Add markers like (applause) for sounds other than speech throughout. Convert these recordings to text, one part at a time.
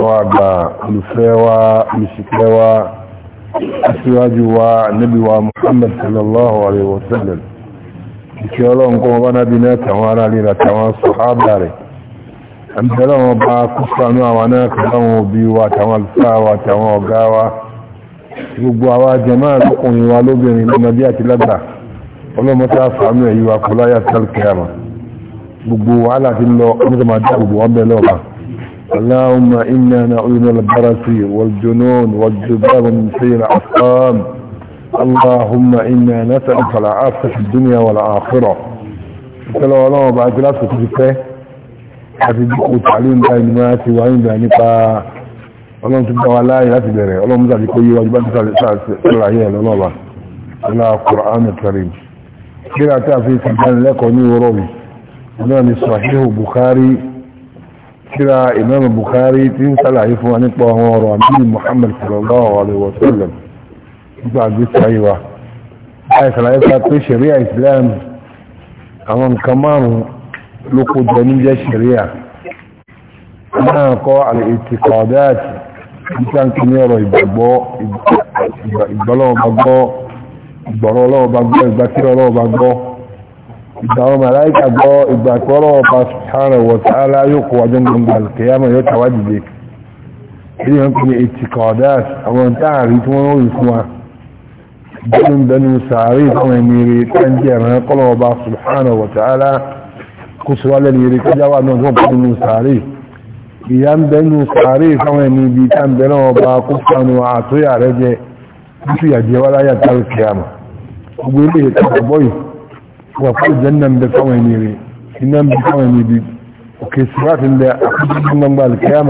وعبا الفاوى الشكاوى السواج والنبي ومحمد صلى الله عليه وسلم ìṣẹ́lọ́n kọ́ bá nábi náà tàwọn ará lè rà tàwọn sọ̀hábà rẹ̀ ẹ̀mẹ́lọ́wọ́ bá kúfànú àwọn náà kàtàwọn òbí wa tàwọn alfáwa tàwọn ọ̀gá wa gbogbo àwa jẹmọ́ àlọ́kùnrin wa lóbìnrin lọ́mọdé àti lágbà ọlọ́mọta fàánú ẹ̀yí wa kọláyà tẹ́lkẹ́yàmà gbogbo wàhálà ti lọ ọmọdé máa dá gbogbo ọbẹ̀ lọ́ọ̀kan اللهم إنا نعوذ من البرس والجنون والذباب من سيئ الأسقام اللهم إنا نسألك العافية في الدنيا والآخرة سلام عليكم بعد لا تكذب حفظ بك وتعليم بين ماتي وعين بين نقا اللهم تبقى ولا يتبري اللهم زادي كوي واجبان تسال الإسلام صلى الله عليه وسلم إلى القرآن الكريم كلا تعفي سبحان لك ونور روي ونعني صحيح بخاري kíra imam bukhari tí ń sálàyé fún wa nípa àwọn ọ̀rọ̀ àmìlì muhammad sallallahu alaihi wasallam nípa àgbésí àyíwá láì sàlàyé fún pé sharia islam àwọn nǹkan márùn ló kó jọ ní jẹ́ sharia náà ìgbàwọn màláìkà gbọ́ ìgbàkọ́rọ̀ ọba subhanahu wa ta'ala yóò kó wájú gbogbo alkiyama yóò tàwà dìde ilé wọn kò ní ètì kọ̀ọ̀dáàs àwọn táàrí tí wọ́n rí fún wa gbọ́dún bẹnu sàárè fún ẹni rí tẹ́ǹdì ẹ̀rán kọ́lọ̀ ọba subhanahu wa ta'ala kó sọ wálẹ̀ ní ìyá ń bẹnu sàárè fún ẹni ibi tá ń bẹ̀rẹ̀ ọba kó àtúyà rẹ jẹ kó fìyà jẹ wálá gbogbo ilé ìtàkùn bọ́yìí وفي الجنة بفعوه نيري إنهم بفعوه نيري وكسرات الله أخذ من الله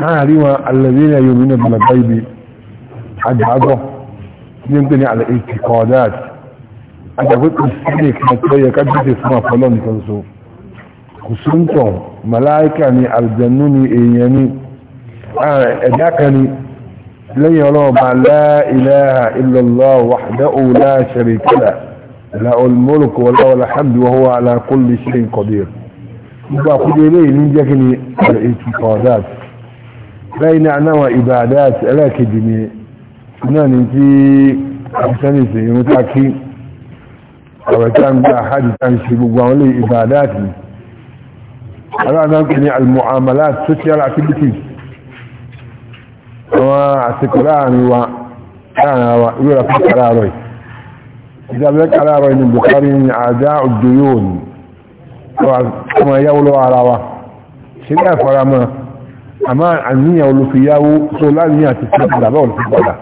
ما هريم الذين يؤمنون بالغيب حد عضو يمكن على اعتقادات أنا قلت السنة كانت هي كانت اسمها فلان كنسو كسنتم ملائكة يعني الجنون إياني آه، أداكني لن يرى لا إله إلا الله وحده لا شريك له له الملك وله الحمد وهو على كل شيء قدير يبقى إليه من جهني الاعتقادات بين نوى عبادات لك دني سنان في أحسن سيئم تاكي وكان بقى حاجة تنشي بقى لي عباداتي على نمكني المعاملات سوشيال اكتيفيتيز وعسكراني وعنا وعنا وعنا وعنا ìdábẹ́ kàràrọ̀ inú Bukhari ni àjá òjò yóò ní ọmọ ìyáwó lọ́wọ́ ara wa ṣe ní àfaramọ́ àmá àníyàn olùfìyàwó tó láàrin àti ìpàdàbà olùfìyàwó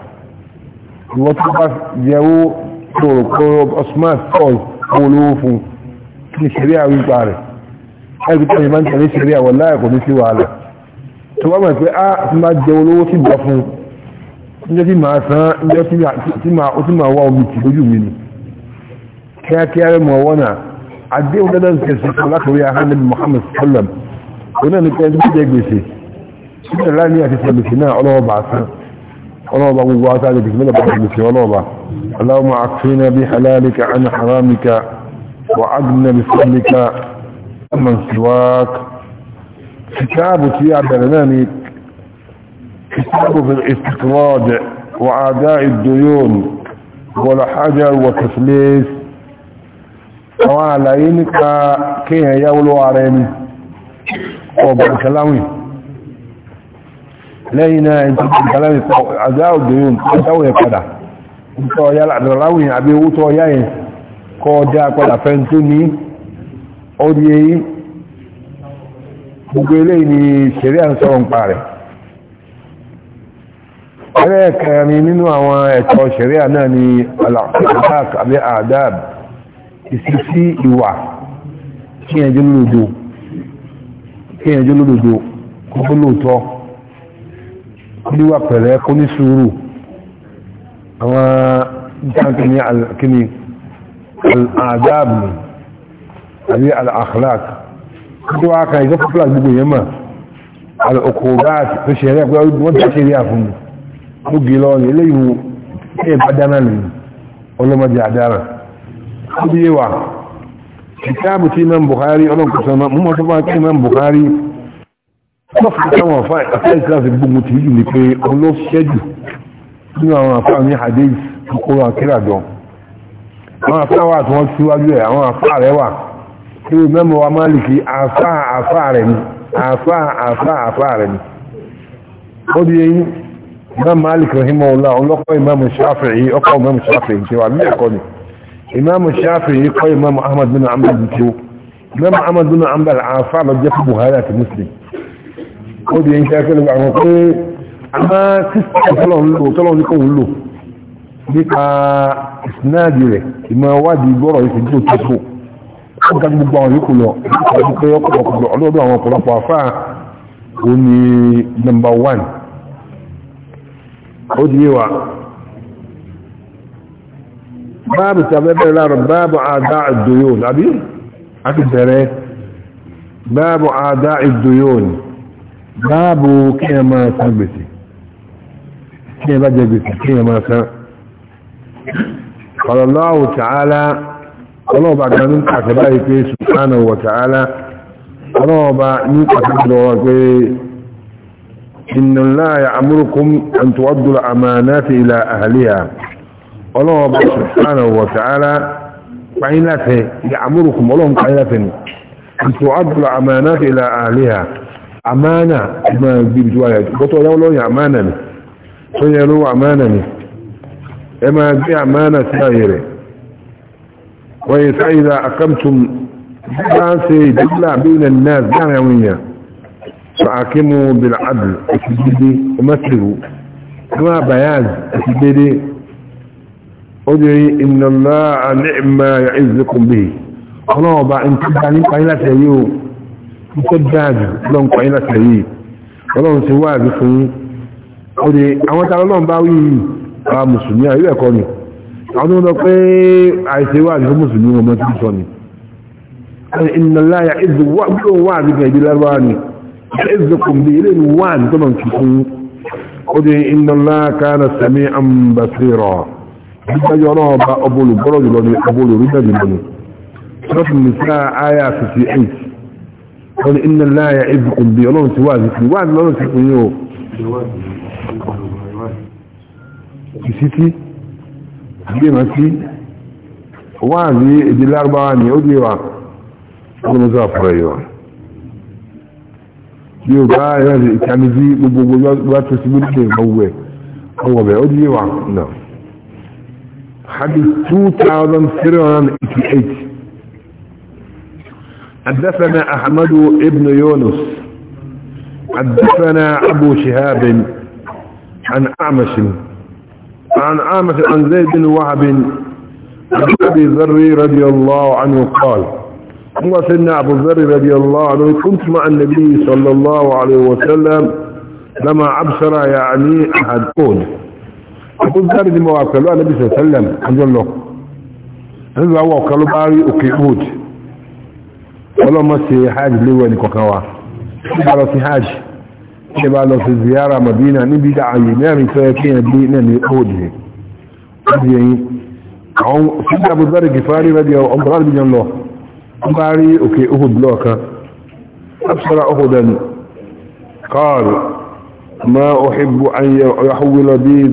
ìwọ́n tó bá yẹwó tòròkòrò osman paul olówó fún ní ṣeré àwọn ipa rẹ̀ ẹgbẹ́ tó ìmá ń tẹ̀lé ṣeré àwọn láàkò ní sí wàhálà tó wá mọ̀ pé a ah, ti máa jẹ olówó sí gbọ́ fún ní jẹ́ tí máa san ní jẹ́ tí máa wá omi tì lójú mi ni كاكي علم وانا عدي ولا ننسى سيقول اخوي اهان محمد صلى الله عليه وسلم ونا نكاين بي ديك بي سي سبحان الله نيا في سلم سينا علوه بعثا علوه بعثا علوه بعثا علوه بعثا علوه بعثا علوه بعثا اللهم عفينا بحلالك عن حرامك وعدنا بفضلك من سواك كتابك يا برنامج كتابه في الاستقراض وعداء الديون ولا حاجة وتفليس àwọn àlàyé nípa kíyàn yáwó lọ́wọ́ ara ẹni ọ̀bọ̀ ìkàláwìn lẹ́yìn náà ẹni tó ìkàláwìn pọ̀ àgbá ògbèrún tó dáwò ẹ̀ padà tó ọ̀yá àdàláwìn àbí owó tó ọ̀yá ẹ̀ kọ́ ọdá padà fẹ́ tó ní ọdí èyí gbogbo eléyìí ni ìsísí ìwà kí ẹjọ́ lòdò kí ẹjọ́ lòdò kó tó lóòótọ́ kó níwà pẹ̀lẹ́ kó ní sùúrù àwọn jáǹkìní alkini al'adáàbì àbí al'akhlaq kó tó wá kan ìjọ́ pọ́pọ́lá gbogbo yẹn mà al'okòbáàt tó ṣe rẹ̀ pé wọ́n tàṣe rí àfún mi ó gé lọ́rin eléyìí ẹ̀bá kudewa kitabu ti imam buhari ọlọ́n kò sọ́nà mú mọ́tọ́ bá kí imam buhari lọ́fà táwọn afá ìfẹ́ ìsìláàsì gbogbo ti yìí ni pé ọlọ́ṣẹ́jù nínú àwọn afá ní hadith kókóró akíra dán àwọn afá wà tí wọ́n síwájú ẹ̀ àwọn afá rẹ̀ wà tí ó mẹ́mọ́ wa máa lè fi afá afá rẹ̀ ni afá afá afá rẹ̀ ni ó di eyín imam malik rahimahullah ọlọ́kọ̀ imam shafi'i ọkọ̀ imam shafi'i imam shafi'i kọ́ imam ahmad bin ambal bìtó imam ahmad bin ambal àfà lọ jẹ́ fún buhari àti muslim ó di ẹni kẹ́kẹ́ lọ́wọ́ àwọn pé àmá sísè tọ́lọ̀ ní kò ń lò nípa ìsináàdì rẹ̀ ìmọ̀ wádìí gbọ́rọ̀ yìí tó tó tó ó ga gbogbo àwọn yòókù lọ àti pé ọ̀pọ̀lọpọ̀ ọlọ́dún àwọn ọ̀pọ̀lọpọ̀ àfà ó ní number one ó di yé wa báàbù tí a fẹ́ bẹ̀rẹ̀ láàrọ̀ báàbù àdá ìdòyòn àbí a bẹ̀rẹ̀ báàbù àdá ìdòyòn báàbù kí san gbèsè kí ẹ bá jẹ gbèsè kí ẹ máa san ọ̀lọ́láwù tààlá ọlọ́ọ̀bà kan ní kàtà báyìí pé subhanahu wa ta'ala ọlọ́ọ̀bà ní kàtà lọ́wọ́ pé inna Allah ya'murukum an tu'addu al ila الله سبحانه وتعالى قعيناته يعمركم ولهم قعيناتني أن تعد الأمانات إلى أهلها أمانة ما يجب بجوايا بطوة لو لو يأمانني فيلو أمانني إما يجب أمانة سائرة وإذا أقمتم بلاسي جبلا بين الناس جانعوية فأقموا بالعدل أتبدي أمثله كما بياز أتبدي ادري ان الله نعم ما يعزكم به ọlọ́wọ́ bá ń tí bá nípa ilá tẹ̀yí o tó dáàjù lọ́n pa ilá tẹ̀yí ọlọ́run ti wá àbí fún yín o lè àwọn tàbí ọlọ́run bá wí àwọn mùsùlùmí àríwẹ̀ ẹ̀kọ́ ni àwọn tó ń pé àìsè wá àbí gbígbájọ́ náà ọba ọbọlù bọ́rọ̀ jùlọ ní ọbọlù orí jẹ́ jùlọ ní ṣọ́tù nìsá àyà 58 wọ́n ni iná láyà ìbùkún bí ọlọ́run ti wà ní fi wà lọ́rùn ti fún yóò ìsítí àbíyànjú wà ní èdè lárúbáwá o bá yọ̀ ìkànnì bí gbogbo tó sí gbogbo ẹ̀ ọwọ́ bẹ̀ ó dé wa náà حديث 2388 حدثنا احمد ابن يونس حدثنا ابو شهاب عن اعمش عن اعمش عن زيد بن وهب عن ابي ذر رضي الله عنه قال الله سيدنا ابو ذر رضي الله عنه كنت مع النبي صلى الله عليه وسلم لما ابصر يعني احد قوله أقول دار دي مواقع له النبي صلى الله عليه وسلم عند الله هذا هو قالوا باري أكيبوت ولا ما سي حاج لي وين كوكوا قالوا سي حاج قالوا في زيارة مدينة نبي دعا ينامي فيكين بي نامي أودي هذه أو سيد أبو ذر الغفاري رضي الله عنه بن الله باري أكيبوت لوكا أبصر أخذا قال ما أحب أن يحول بي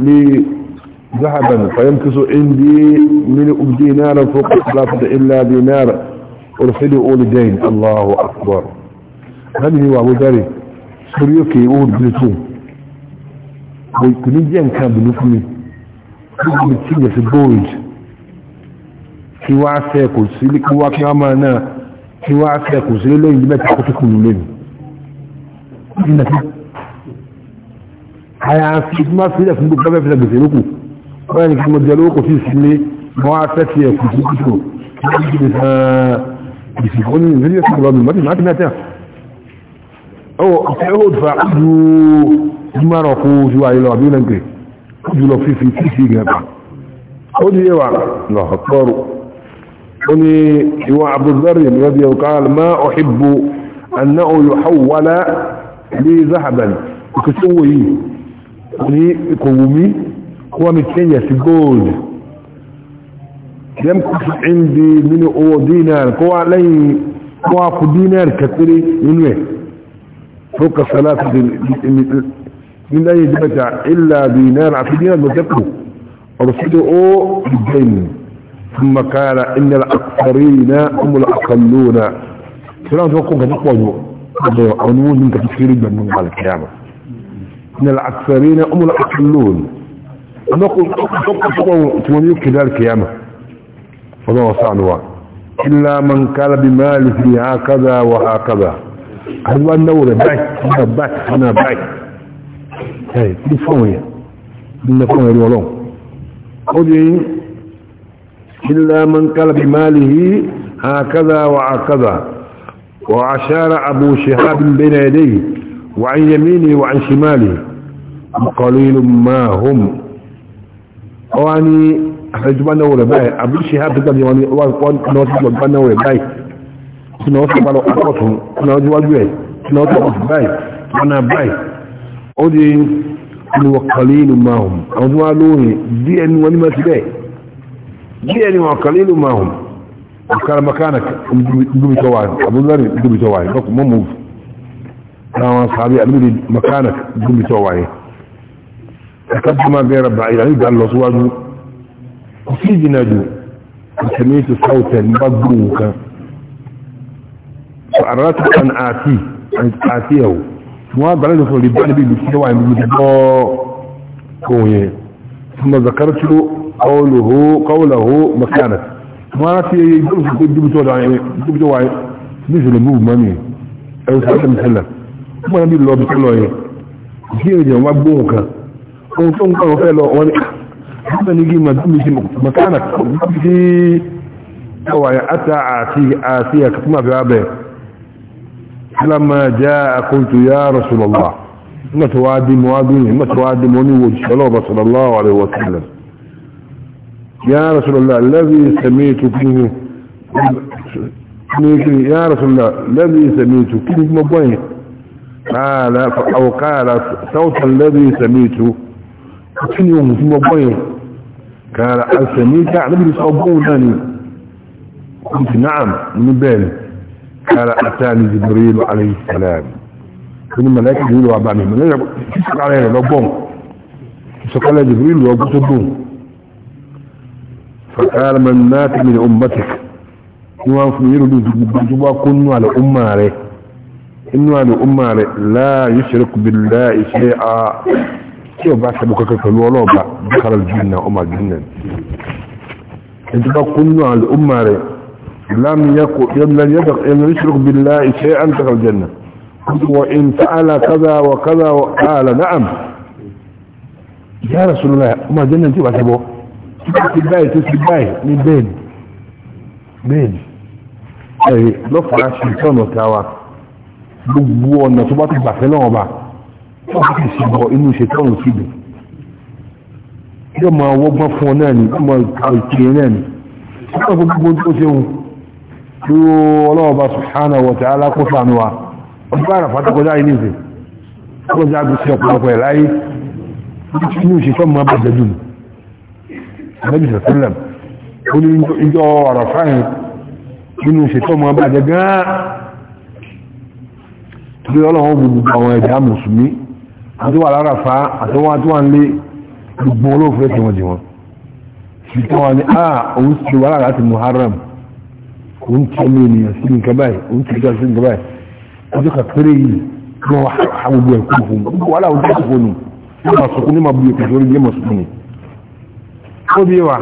لي ذهبا فيمكس عندي من دينارا فوق الثلاثة إلا دينار أرسله لدين الله أكبر هذه هو أبو ذري سوريوكي أود بلتون ويكوني جان كان بنفمي كنت بتسيجة في البورج kí wá fẹ́ kò sí kí wá kí wá máa náà kí wá àyàfi má sílẹ̀ fún gbogbo ẹgbẹ́ gbèsè lókù wọ́n ní kí mo jẹ lókù sí sílé mọ́ afẹ́kì ẹ̀kù sí kìtò láti fi sàn gbèsè kó ní ìrírí ẹ̀kù lọ mi mọ́tì láti mẹ́tẹ̀ ọ ọ̀kẹ́ ó fà ju jùmọ̀rọ̀ kó ju ayé lọ àbí lẹ́gbẹ̀ ó jù lọ fífi fífi gẹ̀ẹ́bà ó ní yẹwà lọ tọrọ ó ní ìwọ̀n abdulzari rẹ̀ قال ما أحب أنه يحول لي ذهبا kò tó wòye ní kò wù mí kó wọ́n mi change sí gold lẹ́m kò sí indi nínú owó dinar kó wá lẹ́yìn kó wá kú dinar kẹkiri nínú ẹ̀ tó ka salatu ní lẹ́yìn dìbẹ̀ta illa dinar àti dinar lọ tẹ́kù ọ̀rọ̀sílẹ̀ ó ìgbẹ̀yìn ثم قال ان الاكثرين هم الاقلون سلام توقف تقوى عنوان انت تفكير من على القيامه من الأكثرين هم الأقلون نقول تقول كده الكيامة فما وصعنوا إلا من قال بماله هكذا وهكذا هل النور باك هاي دي فوية فوية الولون إلا من قال بماله هكذا وهكذا وعشار أبو شهاب بين يديه وعن يميني وعن شمالي قليل ما هم واني احرجبنا ولا باي ابو شهاب قال يعني وان نوصلنا ولا باي نوصل بالو اقوتهم نوجي واجي نوصل باي انا باي ودي وقليل ما هم اوزوا لوني دي ان وني ما تبي دي ان وقليل ما هم وكان مكانك دبي توان ابو ذر دبي توان مو موف àwọn sàbí àdúgbò makanak gúnbi tó wáyé ẹ̀kọ́jú máa bẹ̀rẹ̀ bá ìlànà ìgbà lọ síwájú kò sí ìjìnà jù ìtẹ̀mẹ́tì sáwùtẹ̀ nígbà gbòòwò kan sọ àrárá tó kan àti àti ẹ̀wò wọ́n gbàlẹ́ lọ sọ̀rọ̀ ìbá níbi ìlú tí wà níbi ti bọ́ ohun yẹn ثم ذكرت قوله قوله مكانك wọ́n rántí gbọ́dọ̀ sí pé dúbítọ́ wáyé nísìlẹ̀ mú mọ́ni ẹ̀rọ sọ́dọ̀ mẹ́sẹ̀lẹ̀ mọ́ ní lọ́bí tó lọ yẹn kí èèyàn wá gbóhùn kan ohun tó ń kọ́ fẹ́ lọ wọ́n ní àwọn ní gíma tó mi ṣe makana kọ́bí sí ẹwà àti àti ya Rasulullah nígbà ya قال او قال صوت الذي سميته كن يوم ثم بوين قال هل سميت نبي صوبونني قلت نعم من بالي قال اتاني جبريل عليه السلام كل ملاك جبريل وابعني ملائكه تشك علينا لو بوم فقال جبريل وقلت بوم فقال من مات من امتك يوافق يرد بجوا كنوا على امه عليه inú àlè ọmọ rẹ̀ láàyè ṣẹlẹ̀kù bí láì ṣe a tí ọba sẹ́bù kankan pẹ̀lú ọlọ́ọ̀bá bukara jùnà ọmọ jùnà ìjọba kún inú àlè ọmọ rẹ̀ láàmì yẹ́kù yẹ́mìlẹ́ ṣẹlẹ̀kù bí láì ṣe a ń takar jẹ́nà wa in ta'ala kaza wa kaza wa ala na'am ya rasulullah ọmọ jẹ́nà tí ọba sẹ́bọ̀ tí ó ti báyìí tó ti báyìí ní bẹ́ẹ̀ni bẹ́ẹ̀ni ẹ̀rí lọ́fàá ṣe tọ́nà táwa gbogbo ọ̀nà tó bá ti gbà fẹ́lẹ́ ọba tó bá ti ṣìbọ̀ inú ìṣètọ́rùn síbẹ̀ yóò máa wọ́gbọ́n fún ọ náà ní yóò máa ka ìkiri náà ní ọ̀pọ̀ gbogbo tó ṣe wù tí ó ọlọ́ọ̀bá subhanahu wa ta'ala kó sànú wa ọjọ́ àrà fàtàkọjá yìí nìyí ọlọ́jà àgbẹ̀ sí ọ̀pọ̀lọpọ̀ ẹ̀ láyé inú ìṣètọ́ máa bàjẹ́ jù Ànábì sàtẹ́lẹ̀ ó ní ìjọ àràfáyìn inú ìṣètọ́ máa bàjẹ́ gan-an tí ọlọ́run gbogbo àwọn ẹ̀dá mùsùlùmí àti wà lára fa àtọwọ́ àti wà ń lé gbogbo olóòfin ẹ̀sìn wọn jì wọn ṣùgbọ́n wọn ni a ah, òun ti wà lára láti muharram òun ti ọmọ ènìyàn sí nǹkan báyìí òun ti ìjọ sí nǹkan báyìí ọjọ́ kàpẹ́rẹ́ yìí kí wọ́n wá gbogbo ẹ̀kú fún un wọ́n láwọn jẹ́ ìfowó nù ní ma sọkún ní ma bu ìpèsè orí yé ma sọkún ni. ó bí wa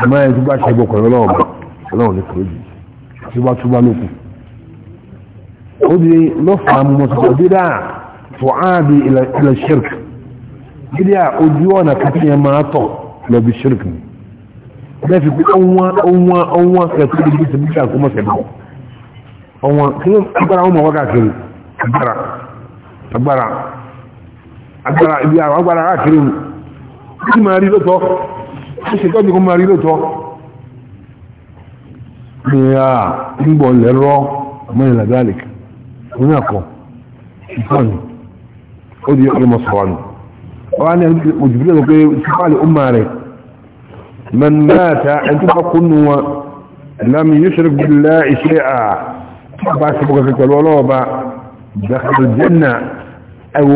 àmọ́ ẹni tó bá ṣe é bọ̀ kọ̀ ọlọ́run ọlọ́run ní kúrò jù tó bá túbá lókun. خذي نفعا متبدلا تعادي الى الى الشرك بدا اجوانا كتي ما تو لو بالشرك لا في اوا اوا اوا كتي بيس بيكا كما سبب اوا كيوم اكبر اوا وقع كريم اكبر اكبر اكبر ابي اكبر كريم كي ما ريدو تو شي كان يكون ما ريدو تو يا ان بول لرو ما الى ذلك òun náà kọ ìtọ́ ni ó di ọlọmọ sọ̀rọ̀ ni wọ́n á ní òjìbílẹ̀ lọ pé sípàlì ọmọ rẹ̀ mẹ́ta ẹni tó bá kúnnú wọn لم يشرك بالله شيئا باسبوك في كل ولوبا دخل الجنة او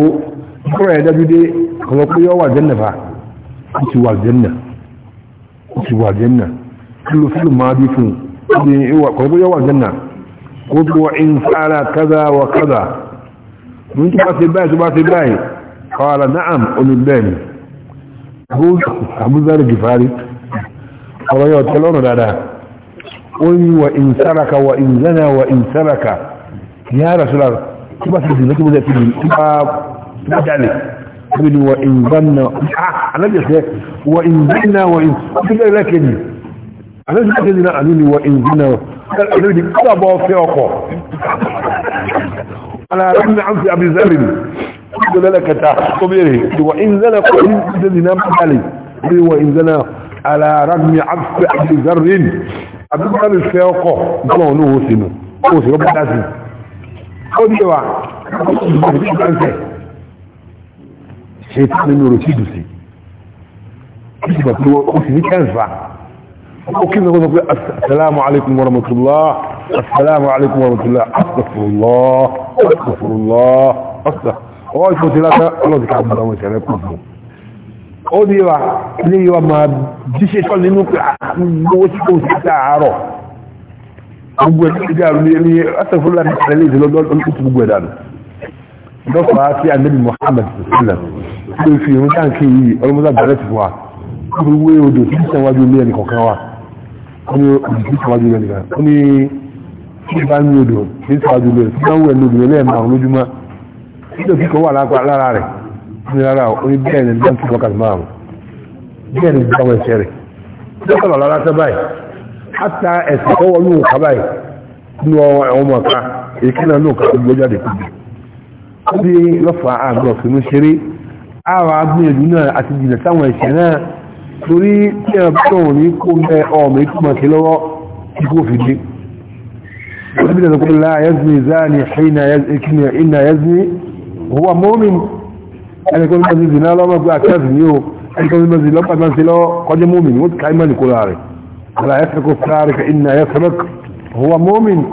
قرأ يدب دي خلقوا يوا الجنة فا اتوا الجنة اتوا الجنة كل فيلم ما بيكون خلقوا يوا الجنة قل وإن فعل كذا وكذا وانت بات الباي بات الباي قال نعم قل الباني أقول أبو ذر الجفاري قال يا تلون لا لا قل وإن سرك وإن زنى وإن سرك يا رسول الله كما سلسل لكي مزيد كما جعلي وإن ظن آه، أنا بيسلك وإن ظن وإن لكن àlejò náà tẹ́lẹ̀ náà àlú ni wọ ìjìnà àlejò ní kọ́lá bọ́ fẹ́ ọkọ̀ alára ní àmì àbízẹ́rì ní ìdọ́lẹ́lẹ̀ kẹta tó bèèrè ìwọ̀ ìjìnà kọ́ ní tẹ́lẹ̀ náà bàálì ní ìwọ̀ ìjìnà alára ní àbízẹ́rì ní àbízẹ́rì fẹ́ ọkọ̀ nígbà wọn ní owó sínú owó sí ọgbà dá sí ó ní wa ṣe tán nínú rẹ̀ sí dùsí ó sì ní kẹ́ǹfà وكنا نقول السلام عليكم ورحمة الله السلام عليكم ورحمة الله أستغفر الله أستغفر الله أستغفر الله أستغفر الله الله ذكر عبد الله وسلم كفر ó ní wa ilé wa máa jíṣẹ́ sọ nínú pé àwọn ah, síkò síta àárọ̀ gbogbo ẹ̀dọ́ ìjà ní asẹ́fúnlá ní ìṣẹ̀lẹ̀ ìṣẹ̀lẹ̀ olóòtú gbogbo ẹ̀dà nù lọ́fàá sí anabi Muhammad sílẹ̀ ló fi irun táǹkì yìí ọlọ́mọdé bẹ̀rẹ̀ ti wa gbogbo odò tí ń sẹ́wájú wọ́n ní òjì síwájú rẹ̀ nìkan wọ́n ní tí ìbá ní odò ní síwájú rẹ̀ tí wọ́n wẹ̀ ní odò lẹ́ẹ̀mà àwọn lójúmọ́ nígbà tí kò wà lára rẹ̀ ní rárá ó ní bẹ́ẹ̀ ni dáńtì wákàtí máa mú bẹ́ẹ̀ ni dáwọn ẹ̀ṣẹ̀ rẹ̀ dọ́kọ̀lọ̀ lára tẹ́ báyìí hátà ẹ̀sìn tó wọnú òkà báyìí nínú àwọn ọmọ ọ̀ka èké náà lóòkà tó gbọ́ jáde kúbi ó bí lọ́fà àgbọ̀ fìmú ṣeré àwọn agbóyèdú náà àti jìnà táwọn ẹ̀ṣẹ̀ náà torí tí a bá tọ̀wọ̀ ní kó mẹ́ ọmọ ìtumọ̀ sí lọ́wọ́ ikú fìdí wọ́n bí lọ́kọ́ láà yazni zani iná yazni huwa mu'min ẹnikọ́ mímọ̀ sí zina lọ́wọ́ pé àkẹ́sì ní o ẹnikọ́ mímọ̀ sí lọ́pàá náà sí lọ́wọ́ kọjá mu'min wọ́n ká imá nìkó láàrẹ̀ wọ́n yẹ́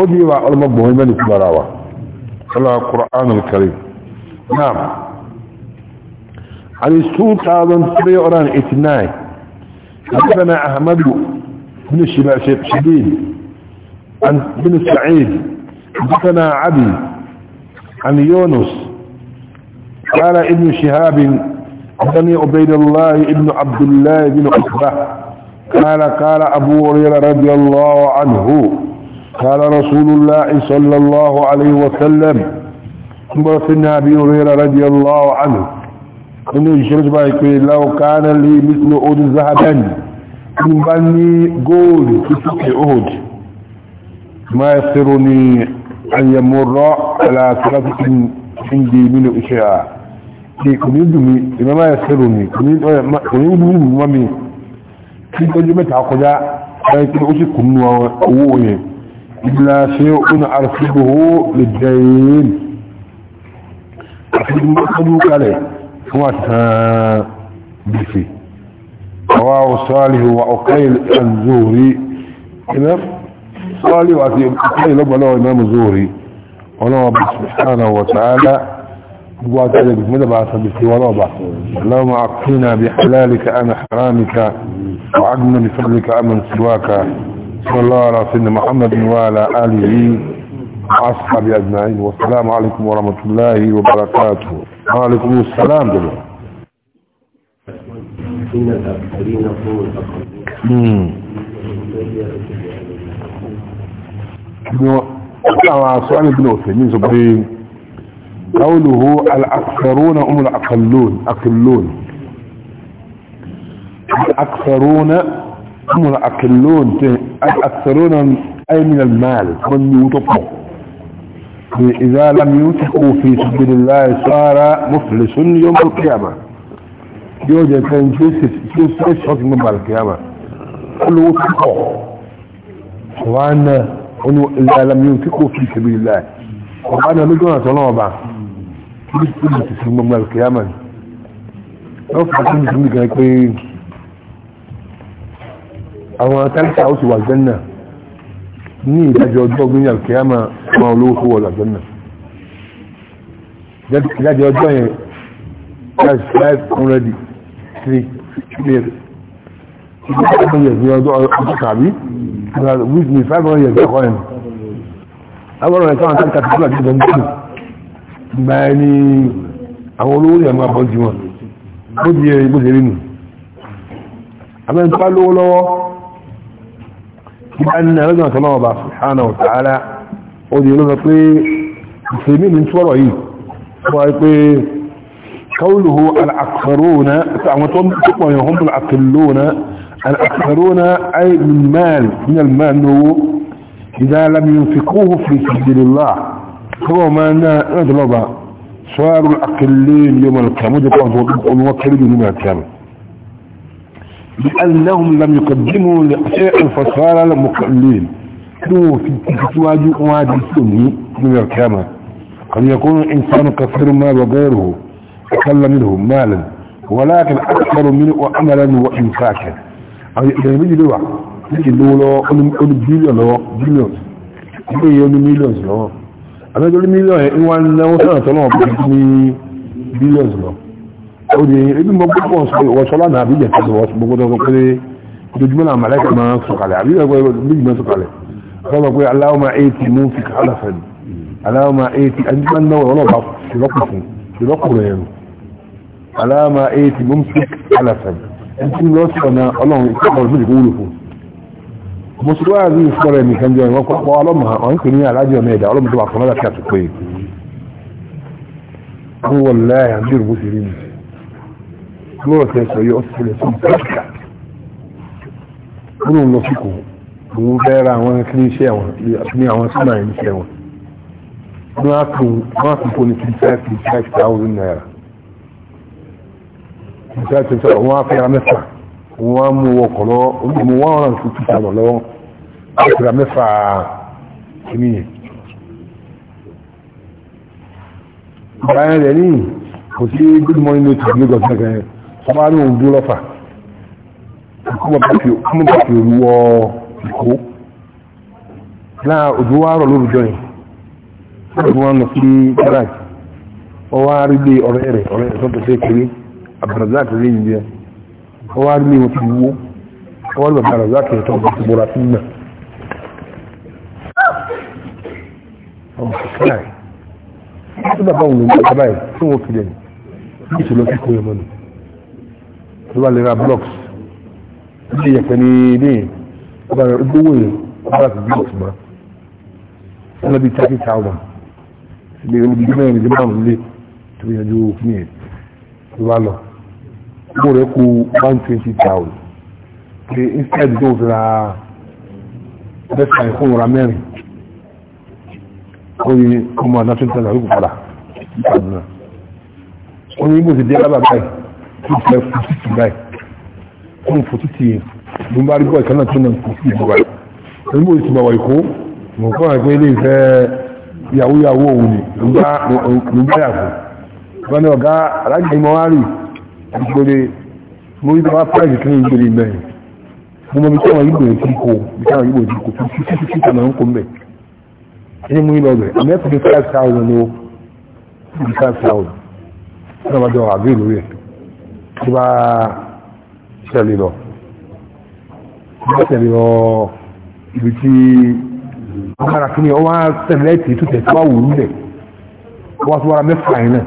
ó di wa ọlọ́mọgbọ̀n imá nìkó wa sọ́lá Qur'an al-Karim حديث 2389 حدثنا أحمد بن شيخ شديد عن بن سعيد حدثنا عبي عن يونس قال ابن شهاب حدثني عبيد الله ابن عبد الله بن عقبة قال قال أبو هريرة رضي الله عنه قال رسول الله صلى الله عليه وسلم أمرت النبي هريرة رضي الله عنه nínú ìṣẹ́lẹ̀ tó báyìí pé láwọ̀kánà lè mítlò odin zahabani ní bá ní góòlù títàkì ohud ma ya sẹ́rọ ni ayyamurọ́ aláàtàlátàkì ṣíndé nínú iṣẹ́ a ṣe kò ní dùnmí ìmọ́ ma ya sẹ́rọ ni kò ní dùnmí mọ́ mi kí tọ́jú mẹ́ta kọjá báyìí pé ó sì kùnú owó yẹn ìlà ṣe ó na àrùsí gbogbo lè jẹ́ yìí àti ìmọ́ kalẹ̀ واتها بفي رواه صالح وعقيل الزهري إمام صالح وعقيل أبو إمام الزهري ونوى سبحانه وتعالى واتلك ماذا بعث بفي ونوى اللهم عقينا بحلالك أم حرامك وعقنا بفضلك أم سواك صلى الله على سيدنا محمد وعلى آله أصحابي أجمعين والسلام عليكم ورحمة الله وبركاته وعليكم السلام جميعا إن الأكثرين هم الأقلون سؤال ابن قوله الأكثرون هم الأقلون أقلون الأكثرون هم الأقلون الأكثرون أي من المال من يوتقوا إذا لم ينفقوا في سبيل الله صار مفلس يوم القيامة يوجد كان جوسف حكم يوم القيامة كل وفقه وأن إذا لم ينفقوا في سبيل الله وأنا مجموعة طلابة يوسف في يوم القيامة يوفق كل سمي كان يكون أو تلك أوسوى الجنة ní ìdájọ́ ọjọ́ ọdún yàrá kí á máa ma olówó fún wọlé àjọ náà ìdájọ́ ọjọ́ yẹn five five hundred three clear five hundred ní ọjọ́ ọjọ́ tàbí with me five hundred years ẹ̀kọ́ yẹn àwọn ọ̀rẹ́ káwọn tàbí kàtàkì àti ìjọba nínú ìgbà ẹ̀ ni àwọn olówó yẹn máa bọ́ ju wọn bó ti yẹ bó ti rí nù àbẹ́ńtọ́ lówó lọ́wọ́ أن رجل كما وضع سبحانه وتعالى ودي لغة مسلمين من سورة عيد هي قوله العقرون الأكثرون هم العقلون العقرون أي من مال من المال إذا لم ينفقوه في سبيل الله هو ما نضرب سوار العقلين يوم الكامل القيامة وكلمة يوم الكامل لأنهم لم يقدموا لشيء فصار المقلين كانوا في تتواجه وادي السني من الكامة قد يكون الإنسان كثير ما وغيره أقل منه مالا ولكن أكثر منه عملا وإنفاكا يعني بيجي لوا بيجي لوا أولي بليون لوا بليون بيجي يولي مليون لوا أما يولي مليون إن وانا وسنة لوا بيجي ó di ebi mo gbọ́dọ̀ wọ̀ṣọ́lá náà àbí jẹ̀ta lọ wọ́ṣọ́ gbogbo tó pé ojoojúmọ́ náà màláìka máa ń sọ̀kalẹ̀ àbí méjì máa ń sọ̀kalẹ̀ ọlọ́mọ pé aláwọ̀má eighty mú fi kàálà fẹ́ mi aláwọ̀má eighty ẹni máa ń náwó ọlọ́ba ìrọ́pù fún ìrọ́pù rẹ̀ rù aláwọ̀má eighty mú fi kàálà fẹ́ mi ẹni tí lọ́ sọ̀ náà ọlọ́run ìkọ́kọ̀ méjì kó wúlò lọ́rọ̀ tẹ́ sọ yọ ọ́sẹ̀lẹ̀ fún pẹ́ẹ́kà ó lóun lọ sí kò òun fẹ́ ra àwọn kíní iṣẹ́ àwọn ní àwọn sínú àyè iṣẹ́ wọn wọ́n á kún wọ́n á kún fún ní three five three five thousand naira three five three five wọ́n á fẹ́ ra mẹ́fà wọ́n á mú ọkọ̀ lọ olùmọ̀ one hundred and fifty thousand lọ́wọ́ á fẹ́ ra mẹ́fà kíní yẹn. báyọ̀ rẹ̀ ní kò sí good morning notice lagos nígbà yẹn ọmọ àrí òun dúró lọ́fà ọmọ bá fi òru wọ ìkó náà òjò wá rọ̀ lórúkọ yìí ọdún wọn lọ sí garage ọwọ́ àrí lé ọ̀rẹ́ rẹ̀ ọ̀rẹ́ rẹ̀ sọ́tọ̀ sí kiri àbàràzá kiri yìí jẹ́ ọwọ́ àrí lé wọn ti wó ọwọ́ àrí àbàràzá kiri tó bọ̀ bọ̀rọ̀ sí náà ọmọ kíkà yìí tí bàbá òun ló ń bá báyìí tí wọ́n fi lẹ́nu ní ìṣòro kíkó yẹn mọ́nu tó bá lè ra blocks ilé ìyẹ̀pẹ̀ ní ilé ọba rẹ̀ gbówó yẹn ọba láti blocks ma wọ́n lọ́bi thirty thousand ilé oníbi gbé mẹ́rin ìdíbò àwọn ilé tó yẹ ju fún yẹn tó bá lọ owó rẹ̀ kú one twenty pé instead tó fi ra best time ra mẹ́rin ó yẹ ọmọ àná ló kù padà nípa àdúrà ó ní bó dé lábàbá tó fẹ́ fún títì báyìí kó n fò títì yẹn ló ń bá rí bọ́ọ̀ ìkànnà tó náà kò sí ìbúwa ẹni bó ti bàwà ìkó mo kọ́ àwọn ẹgbẹ́ ilé ìfẹ́ yàwó yàwó òun ni ló ń bá yàgò wọn ni ọ̀gá alájà ìmọ̀ wá rí ìgbèrè mo rí bàbá pẹ́ẹ́sì kí ní ìgbèrè mẹ́rin mo mọ bí táwọn ìgbèrè ti kó bí táwọn ìgbèrè ti tó bá tẹ̀lé lọ tó bá tẹ̀lé lọ ibi tí agbára kí ni ọwá tẹ̀lé tí tó tẹ̀lé tó bá wùú lẹ̀ wọ́n tó wára mẹ́fà yìí náà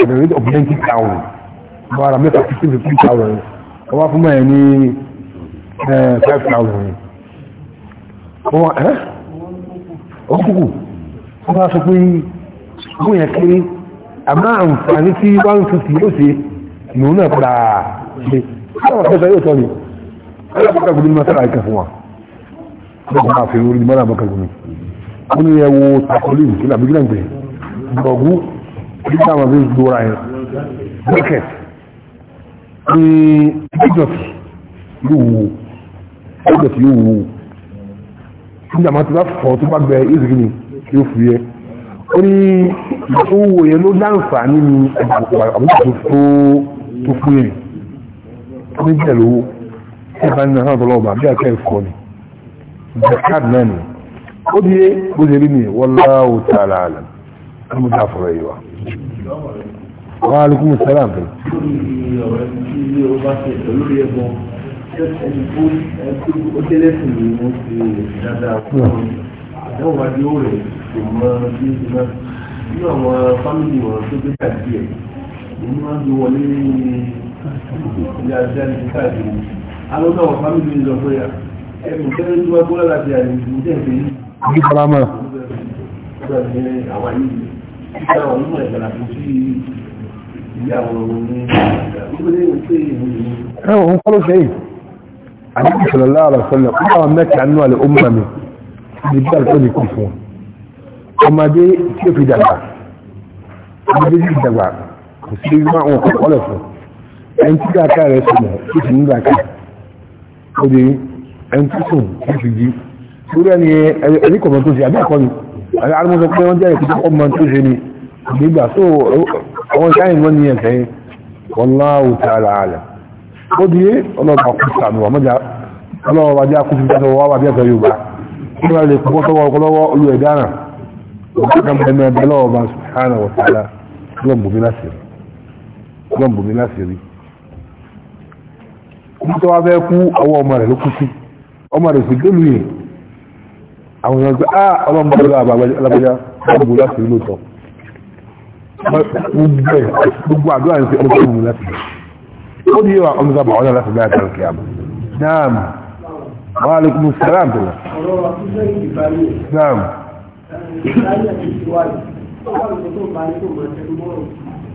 ẹ̀dẹ̀ rẹ̀ ọ̀bí ninety thousand wára mẹ́fà fifteen fifteen thousand ọwá fún mọ́ ẹ̀ ní five thousand ọwọ́ ẹ̀ ọkùnkù wọ́n bá sọ pé ó yẹ kéré àmọ́ àǹfààní tí one fifty yóò ṣe lòun náà padà ṣe àwọn akẹ́kọ̀ọ́ yóò tọ́ ni ẹ̀rọ bọ́kà gùn ní mọ́sára ìkẹ́ fún wa lọ́kọ̀ máa fi orí mọ́nà bọ́kà gùn ní ó ní ẹwọ takọlì kí làbí gílẹ̀ gbé gbọ̀gú kí táwọn àbí gbóra ẹ̀ bọ́kẹ̀t ní ẹjọ́sì yóò wù ẹjọ́sì yóò wù nígbà máa ti tó fún yẹn ní bẹ́ẹ̀ lówó ẹ bá nínú àwọn ọlọ́ọ̀bà bí àkẹ́ ẹ̀kọ́ ni zakat náà ni ó di bó ṣe rí ni wallahu ta'ala alam ẹ̀ mú dáa fọ̀rọ̀ yìí wa. wọ́n ti dáadáa fún ọ àdáwò wájú fámìlì wọn tó gbé èyí máa ń gbé wọlé ní ilé ajá ní káàkiri alọ́dọ̀ àwọn fámìlì ń lọ pé ah, ẹ̀mù tẹ́lẹ̀ tí wọ́n gbọ́dọ̀ láti àyè ìlú tẹ̀ sí. ní kalama. àwọn yìí nígbà wọn mú ẹ̀gbẹ́ láti sí ìyàwó ní ìgbélé ìpè ìlú yìí. ẹ ò ń kọ́lọ́ sẹ́yìn àdúgbò ìṣẹ̀lẹ̀ láàrọ̀ sọlẹ̀ ó bá wọn mẹ́ta nínú àlẹ́ ó mọ̀ kò sí máa wọn kò kọ́lẹ̀ fún ẹni tí dáká rẹ̀ sọ̀rọ̀ tó ti ní dáká ó di ẹni tí sùn tó ti jí lórí ẹni ẹni kọ̀ọ̀mọ̀ tó ṣe àbí ẹ̀kọ́ ni alámọ́sọ pé wọ́n jẹ́ ìpínlẹ̀ ọmọ tó ṣe ni nígbà tó àwọn sáyẹn wọn ní ẹ̀sẹ̀ yìí wallahu ta'ala alam ó di ọlọ́ọ̀bà kú sànù àmọ́jà ọlọ́ọ̀bà jẹ́ akú fífi tẹ́tọ̀ wá bí ẹ̀sẹ̀ yorùbá kí wọ́n lè kọ́ tọ́wọ́ ọkọlọ́wọ́ olú ẹ̀dáràn òkú kan bẹ̀rẹ̀ bẹ́lọ́ọ̀bà subhanahu wa ta'ala lọ́gbọ̀n bí lásìrì ọlọ́run bòmí láti rí kúrú tó wá fẹ́ kú ọwọ́ ọmọ rẹ̀ ló kú sí ọmọ rẹ̀ sì gbẹ́lu yẹn àwọn èèyàn gbé ah ọlọ́run bòmí lọ́wọ́ alábẹ́já ọlọ́run bòmí láti rí lóòótọ́ gbogbo àdúrà ní sí ọlọ́run bòmí láti rí ó ní yíwa ọmọ sábà ọ̀nà láti bẹ́ẹ̀ tẹ̀lé kíá naam wa alaikum salaam tẹ̀lé naam.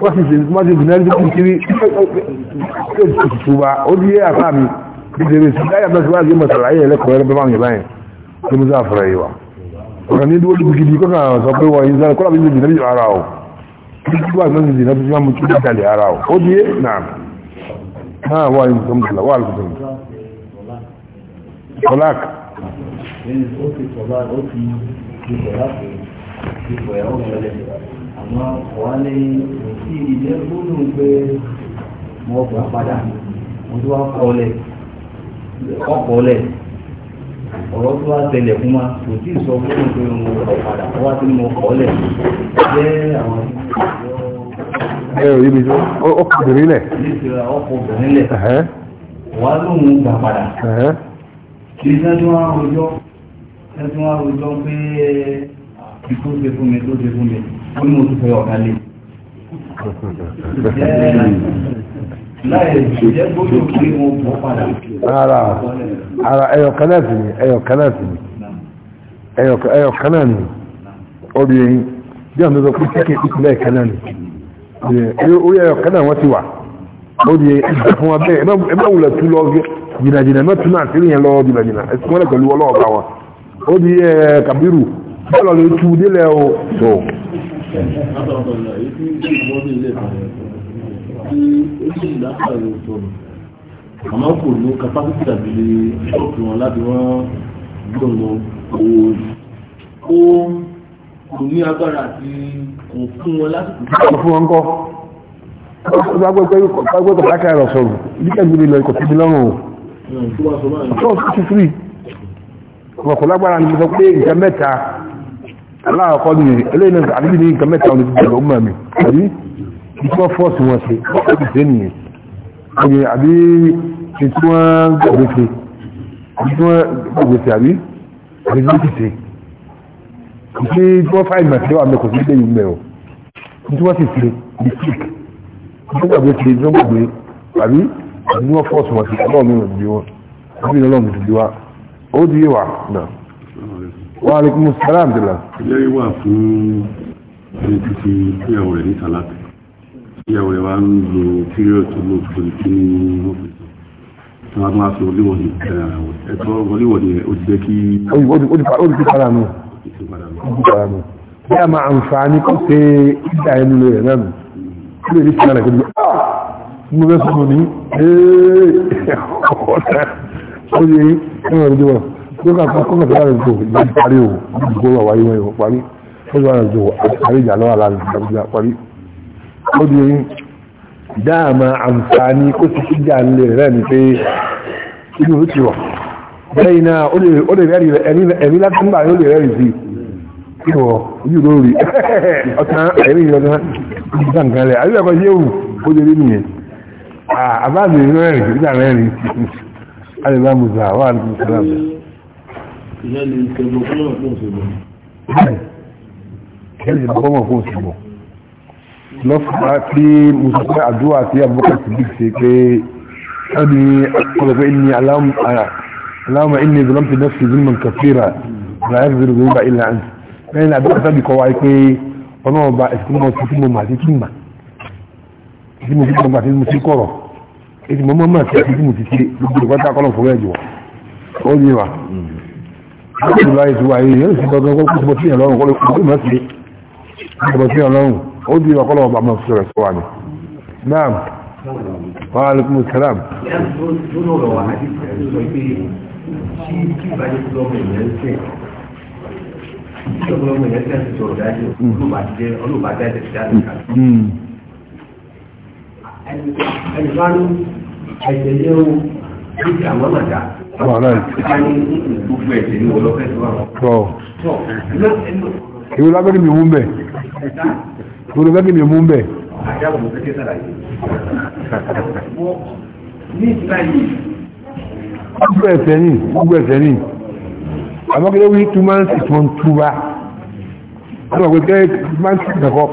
wọ́n sì ṣe wọ́n sì bìnà ní kiri ṣùgbà ó di àfá mi ìdèrè sí láyé àtàkùn láti mọ̀ sàlàyé ẹlẹ́kọ̀ọ́ ẹlẹ́bẹ̀ máa ń yẹ̀bá yẹn tí mo sáà fẹ́rẹ̀ yìí wa ọ̀rọ̀ ní dúró dúró gidi kọ́kà sọ pé wọ́n yìí kọ́lá bí ṣe bìnà ara o kí ṣe wà sọ́nà ìdìnà bí wọ́n mú kí dalẹ̀ ara o ó di náà náà wà ní sọmọdìlà wà lùkùtù tọ́lák wọn kọ́ ní ìdí ìdílé gbódùn pé mo gbà padà mo tún wá kọ́ lẹ̀ ọ̀rọ̀ tó wá tẹlẹ̀ fún wa kò tí ì sọ fún mi pé mo gbà padà wá sí mo kọ́ jẹ́ àwọn ẹ ò yí mi tó ọkọ̀ obìnrin lẹ̀. ọkọ̀ obìnrin lẹ̀ wà lóhun gbà padà kí sẹ́tún wá rojọ́ sẹ́tún wá rojọ́ pé ikú ah, ṣe fún mi tó ṣe fún mi ó ní mo tún fẹ́ ọ̀gá lé. láì jẹ́ gbọ́dọ̀ pé mo bọ́ padà. ara ara ẹyọ kan náà sì ni ẹyọ kan náà sì ni ẹyọ kan náà ni obìnrin bí àwọn ọmọ kékeré ìpínlẹ̀ kan náà ni orí ẹyọ kan náà wọ́n ti wà ó di ìgbà fún wa bẹ́ẹ̀ ẹ bá wùlẹ̀ tú lọ jìnnàjìnnà mẹ́tù náà sí ìyẹn lọ jìnnàjìnnà ẹ sùn wọn pẹ̀lú ọlọ́ọ̀bá wa ó di ẹ kàbírù bọ́ọ̀lù lè tú délẹ̀ o tó látọ̀ọ̀tọ̀lá èyí tí ó ń bọ́ sí ilé ìpàdé tí ó sì lápá ìlú sọ̀rọ̀ àmọ́ kò ní kapásítì tàbí ṣọ́ọ̀tù wọn láti wọ́n gbọ̀nà owó ó kò ní agbára àti kò fún wọn lásìkò. kò fún wọn kọ́ gbàgbé pé gbàgbé kò lákàá rẹ̀ lọ ikọ̀ tóbi lọ́rùn o. ṣọ́ọ̀tù ọ̀pọ̀ lágbára ni mo sọ mẹ́ta aláàkọ́ ni eléyìí náà àdébí ní nǹkan mẹ́ta ọdún ìjọba ọmọ mi àbí ìfọ́ fọ́ọ̀sì wọn ṣe ọdún ṣe nìyẹn àbí àbí tí wọ́n gbàgbé ṣe àbí tí wọ́n gbàgbé ṣe àbí àbí tí wọ́n ti ṣe kò sí tí wọ́n fáìlì màtí wà mẹ́kọ̀ọ́ sí ilé yìí mẹ́rọ tí wọ́n ti ṣe ní sick tí wọ́n gbàgbé ṣe tí wọ́n gbàgbé àbí àbí wọ́n fọ́ọ̀sì wọn ṣe ọlọ́run mi ò wa alaikum salaam dila. ilé wà fún ẹni tí ti gbéyàwó rẹ̀ ní tàlátà gbéyàwó rẹ̀ wá ń lo píríọ̀ tó lò fún kí wọ́n fi sọ wọ́n máa fi olíwọ̀dì eh, ẹ̀tọ́ olíwọ̀dì òjìjẹ́ kí. ó ti padà nù. ó ti padà nù. bí a máa àǹfààní kó ṣe ìdá ẹnu rẹ̀ náà nù. ó lè rí sí ara ìkọ́jú ah! mo fẹ́ sọ́mọ ní (laughs) ó yẹ kí wọ́n rí wọn kókà kókà tó o ìjọ wà wáyé wọn ìwọ parí ó sọ lára ìjò àrí ìjà lọ́wọ́ lára ìjọ parí ó di eyín dáàmà àǹfààní ó ti kí jà ń lè rẹ̀ ní pé inú ló ti wà lẹ́yìn náà ó lè rẹ́rì ẹ̀mí láti ń bà ó lè rẹ́rì sí ìwọ ojú ló rí (laughs) ọ̀tàn ẹ̀rí ìrọ̀tàn ìjà nǹkan rẹ̀ àríwá kan yéwù ó lè rí nìyẹn àbáàbì rẹ́rì ìjà rẹ́rì (laughs) alẹ́ bá ìyẹn lè ṣẹbọ fún ọmọ fún ṣẹbọ. ìyẹn lè ṣẹbọ fún ọmọ ṣẹbọ. lọ́fà tí mo sọ pé àdúrà tí abúkà ti bí ṣe pé ẹni ọ̀pọ̀lọpọ̀ pé ẹni aláwọ̀ ẹni ìdọ́lọ́m ti dẹ́sí zulman kafira láyé zuru gbogbo bá ilẹ̀ àǹtí lẹ́yìn àdúrà sábì kọ́ wáyé pé ọlọ́ọ̀ba ẹ̀sìn mọ́ sí fún mo mà sí kí mà sí mo sí kọ́ mà àti láyé tí wáyé yóò sì gbogbo ọgbọ́n kúrò sí ìrọ̀rùn kọlu kúrò mọ́ sí ọgbọ́n sí ìrọ̀rùn ó di ọkọ́lọ̀ ọba mọ́ sí rẹ̀ sọ wà ní naam wa alaikum salam hmm. ẹni bá ń ẹ̀jẹ̀ yẹ́ o ní ìjàmọ́ màdá ìwé lábẹ́ ni mi mú bẹ̀ ìwé lábẹ́ ni mi mú bẹ̀. gbogbo ẹ̀sẹ̀ ni gbogbo ẹ̀sẹ̀ ni àmọ́kẹ́lẹ́ wí two months six months two wa wọ́n mọ̀ pé kẹ́ máa ń tẹ̀ ẹ̀kọ́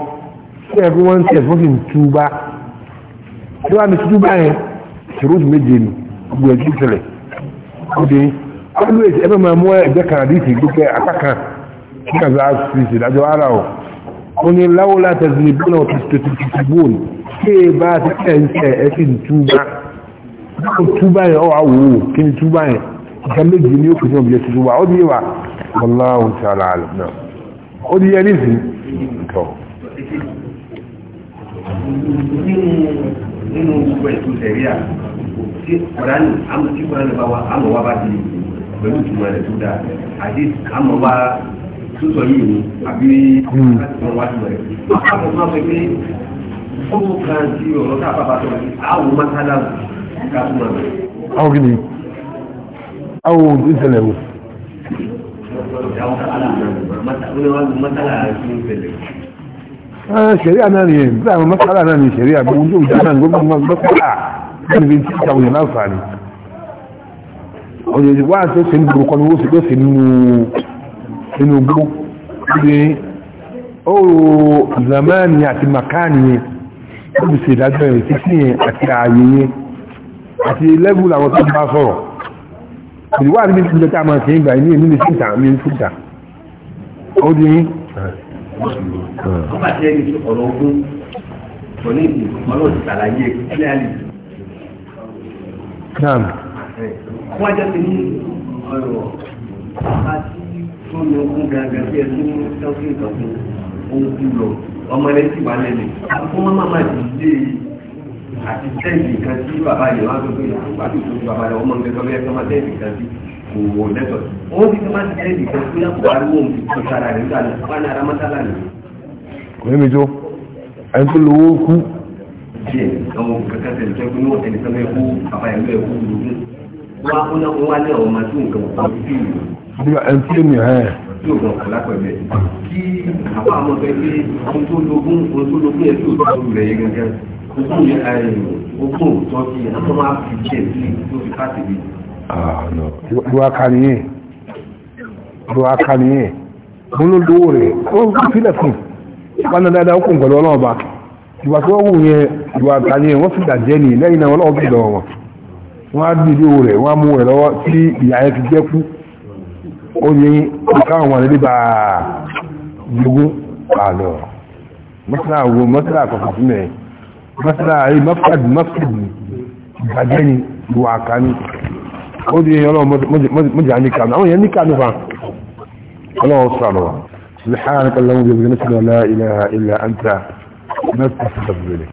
kí ẹ̀kọ́ wọ́n ń tẹ̀ ẹ̀kọ́ sì ń tú bá tí wọ́n á mi tú bá yẹn ṣòro sì méje ni gbogbo ẹ̀jú ìṣẹ̀lẹ̀ ọdún always ẹgbẹ́ máa mú ẹgbẹ́ kan àdíkì gbígbẹ́ apákan kíkàzá sí ìdájọ́ ara ọ̀ ó ní láwọ́lá tẹ̀sí bọ́nà tìtìtìbọ́n kí ẹ bá ti kẹ́ǹtẹ̀ ẹ sì túbá ó túbá yẹn ọ àwò kí ni túbá yẹn ìka méjì ní òkè náà bìyẹ tuntun wa ó di wa wọláhùn tí a là àlù náà ó di yẹ nísì nǹkan. nínú nínú gbogbo ètò tí kùránì àmọ́ tí kùránì bá wà àmọ́ wá bá di pẹ̀lú ìtumọ̀ rẹ̀ tó dáa àti àmọ́ wá sọ́sọ yìí ni àbí wọ́n hmm. wá tìmọ̀ rẹ̀. àmọ́ máa fẹ́ pé kókó kan tí ọ̀rọ̀ tá a bá bá sọ̀rọ̀ sí àwọn mọ́tálá ká tún máa bẹ̀rẹ̀. àwọn kìíní àwọn ohun ìṣẹ̀lẹ̀ wò. Ah, ṣẹ̀rí àná ni ṣẹ̀rí àná ni ṣẹ̀rí àná ni ṣẹ̀rí àná bẹ́ẹ̀ ni tí ìtàwọn yẹn láǹfààní ọ̀yẹ̀ wá tó ṣe ní burúkọ ní wọ́n sì tó ṣe nínú gbó ní oòrùn zamani àti makani yẹn ó bí ṣe ìdájọ́ ẹ̀ títí yẹn àti ààyè yẹn àti lẹ́bùl àwọn tó bá sọ̀rọ̀ ìwà àti bíi ìjọta máa ṣe ń gbà ní ìlú síta mi ń síta ó di yín. ọba tí ẹni ọ̀rọ̀ ogun kò ní ìlú ọlọ́ọ̀dì ṣàlàyé clearly Naam. Wọ́n jẹ́ ti ní ọ̀rọ̀ àti tó lọ fún gàgà sí ẹ̀sùn ṣẹ́fì ìtọ́fún ohun tí lọ ọmọ rẹ̀ sì wà lẹ́nu. Àkókò máa máa ti dé àti tẹ́ẹ̀sì kan sí bàbá yìí wọ́n á tó pé àgbà tó tó bàbá rẹ̀ ọmọ nǹkan tó bẹ́ẹ̀ tó máa tẹ́ẹ̀sì kan sí kò lẹ́tọ̀. Ó ti máa ti kan sí àpò ariwo òun tó sára rẹ̀ nígbà náà wọ́n á ní díẹ̀ àwọn òkùnkẹ́kẹ́ tẹ̀lé tó ẹgbẹ́ níwọ̀n tẹ̀lé sọ́mọ́ ẹ̀kú bàbá ẹ̀lú ẹ̀kú lógún wá ó náà wá ní àwọn ọmọ tó nǹkan kan sí ìlú. ẹ̀ńtí ni ẹ̀. tí òògùn ọ̀kọ̀lá pẹ̀lú ẹ̀ kí àwọn àmọ́ fẹ́ pé ohun tó lógún ohun tó lógún ẹ̀ tó lógún rẹ̀ yẹ gẹ́gẹ́ ogún yẹ ogún tó ti àtọ́ máa fi díẹ̀ sí tó fi káàkiri. ìwà kàníyè ìwà kàníyè mo ló lówó rẹ̀ ó fi lẹ̀ fún ìpàdé dáadáa ó kò ń pẹ̀lú ọlọ́ọ̀ba ìwà tí wọ́n wù yẹn ìwà àtàlẹ́ wọ́n sì dàjẹ́ ni lẹ́yìn náà ọlọ́wọ́ bìí lọ́wọ́ wọn á dì ìdíwò rẹ̀ wọ́n á mú rẹ̀ lọ́wọ́ tí ìyá ẹ fi jẹ́ kú ó ní káwọn wọn lè bá pàlọ́ mọ́sílá wo mọ́sílá àkọ́kọ́ fún mẹ́ mọ́sílá ayé mọ́fíàdì mọ́fíàdì ìgbàjẹ́ ni ìwà àkàní ó ní ọlọ́wọ́ mọ́jà ní kàánù سبحانك اللهم وبحمدك لا اله الا انت mẹ́fà sí ìdàbò rẹ̀